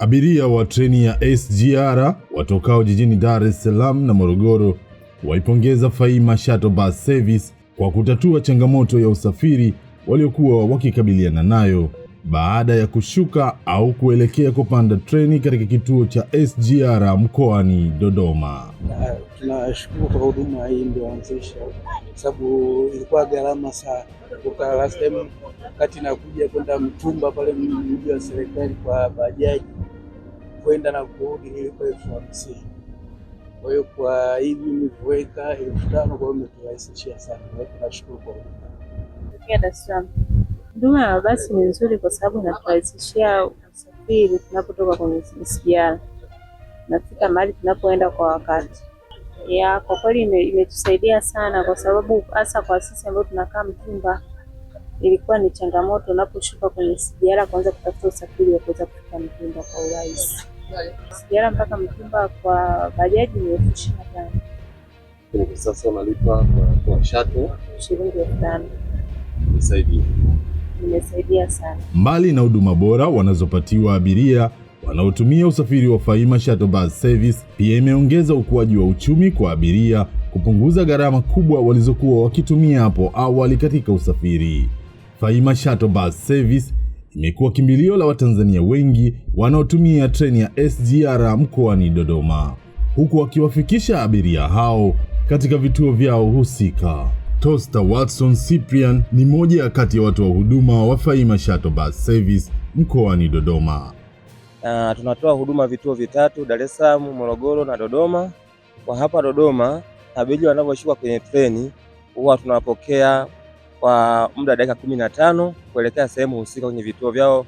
Abiria wa treni ya SGR watokao jijini Dar es Salaam na Morogoro waipongeza Faima Shuttle Bus Service kwa kutatua changamoto ya usafiri waliokuwa wakikabiliana nayo baada ya kushuka au kuelekea kupanda treni katika kituo cha SGR mkoani Dodoma. Tunashukuru kwa huduma hii ndioanzisha, sababu ilikuwa gharama sana kutoka last time, kati nakuja kwenda Mtumba pale mji wa serikali kwa bajaji kwenda na kurudi nilikuwa elfu hamsini. Kwa hiyo kwa hivi mimi elfu tano, kwa hiyo imeturahisishia sana. Kwa hiyo tunashukuru kwa Dar Huduma ya mabasi ni nzuri kwa sababu inaturahisishia usafiri tunapotoka kwenye sijara, nafika mahali tunapoenda kwa wakati. Ya, kwa kweli imetusaidia sana, kwa sababu hasa kwa sisi ambao tunakaa Mtumba Ilikuwa ni changamoto unaposhuka kwenye Sijara kuanza kutafuta usafiri wa kuweza kufika Mtumba kwa urahisi. Sijara mpaka Mtumba kwa bajaji ni elfu ishirini na tano hivi sasa unalipa kwa shatu shilingi elfu tano Nisaidie. Nimesaidia sana. Mbali na huduma bora wanazopatiwa abiria wanaotumia usafiri wa Faima Shuttle Bus Service, pia imeongeza ukuaji wa uchumi kwa abiria, kupunguza gharama kubwa walizokuwa wakitumia hapo awali katika usafiri. Faima Shuttle Bus Service imekuwa kimbilio la Watanzania wengi wanaotumia treni ya SGR mkoani Dodoma, huku wakiwafikisha abiria hao katika vituo vyao husika. Tosta Watson Cyprian ni moja kati ya watu wa huduma wa Faima Shuttle Bus Service mkoani Dodoma. Uh, tunatoa huduma vituo vitatu Dar es Salaam, Morogoro na Dodoma. Kwa hapa Dodoma, abiria wanavyoshuka kwenye treni huwa tunawapokea kwa muda wa dakika kumi na tano kuelekea sehemu husika kwenye vituo vyao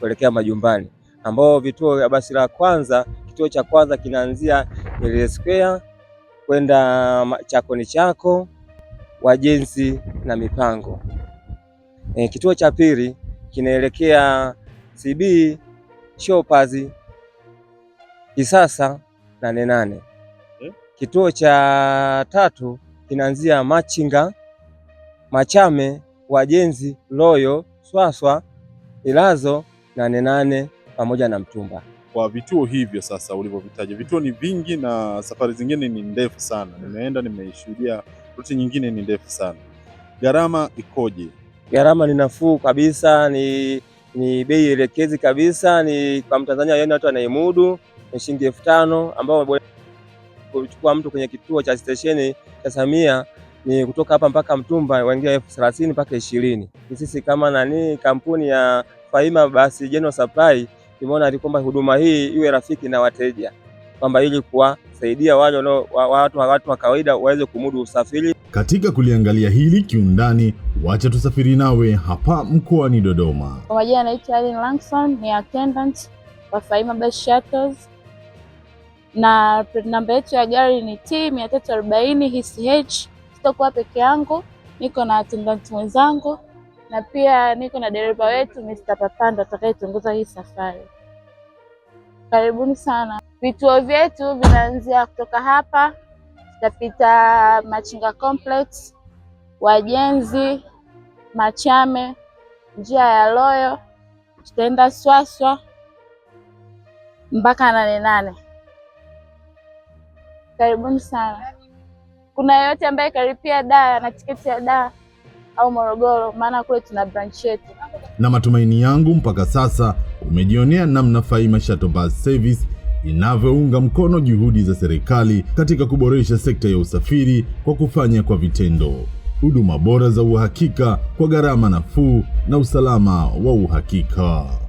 kuelekea majumbani, ambao vituo vya basi la kwanza, kituo cha kwanza kinaanzia Nyerere Square kwenda Chakoni Chako, Wajenzi na Mipango. E, kituo cha pili kinaelekea CB Shoppers, Kisasa Nane Nane. Eh? Kituo cha tatu kinaanzia Machinga Machame, Wajenzi, Loyo, Swaswa, Ilazo, Nane Nane pamoja na Mtumba. Kwa vituo hivyo sasa ulivyovitaja, vituo ni vingi na safari zingine ni ndefu sana. Nimeenda nimeishuhudia, ruti nyingine ni ndefu sana. Gharama ikoje? Gharama ni nafuu kabisa, ni ni bei elekezi kabisa, ni kwa Mtanzania, yeye yaani watu anaimudu ni shilingi elfu tano ambao kuchukua mtu kwenye kituo cha stesheni cha Samia ni kutoka hapa mpaka Mtumba waingia elfu thelathini mpaka ishirini. Sisi kama nani kampuni ya Faima basi General Supply tumeona kwamba huduma hii iwe rafiki na wateja kwamba ili kuwasaidia wale no, watu watu wa kawaida waweze kumudu usafiri. Katika kuliangalia hili kiundani, wacha tusafiri nawe hapa mkoani Dodoma. Kwa majina anaitwa Alin Langson, ni attendant wa Faima Bus Shuttles na namba yetu ya gari ni T 340 HCH sitakuwa peke yangu, niko na watendaji wenzangu na pia niko na dereva wetu Mr. Papando atakayetongoza hii safari. Karibuni sana. Vituo vyetu vinaanzia kutoka hapa, tutapita Machinga Complex, Wajenzi, Machame, njia ya Loyo, tutaenda Swaswa mpaka Nane Nane. Karibuni sana kuna yeyote ambaye karipia da na tiketi ya da au Morogoro, maana kule tuna branch yetu. Na matumaini yangu mpaka sasa umejionea namna Faima Shuttle Bus Service inavyounga mkono juhudi za serikali katika kuboresha sekta ya usafiri kwa kufanya kwa vitendo huduma bora za uhakika kwa gharama nafuu na usalama wa uhakika.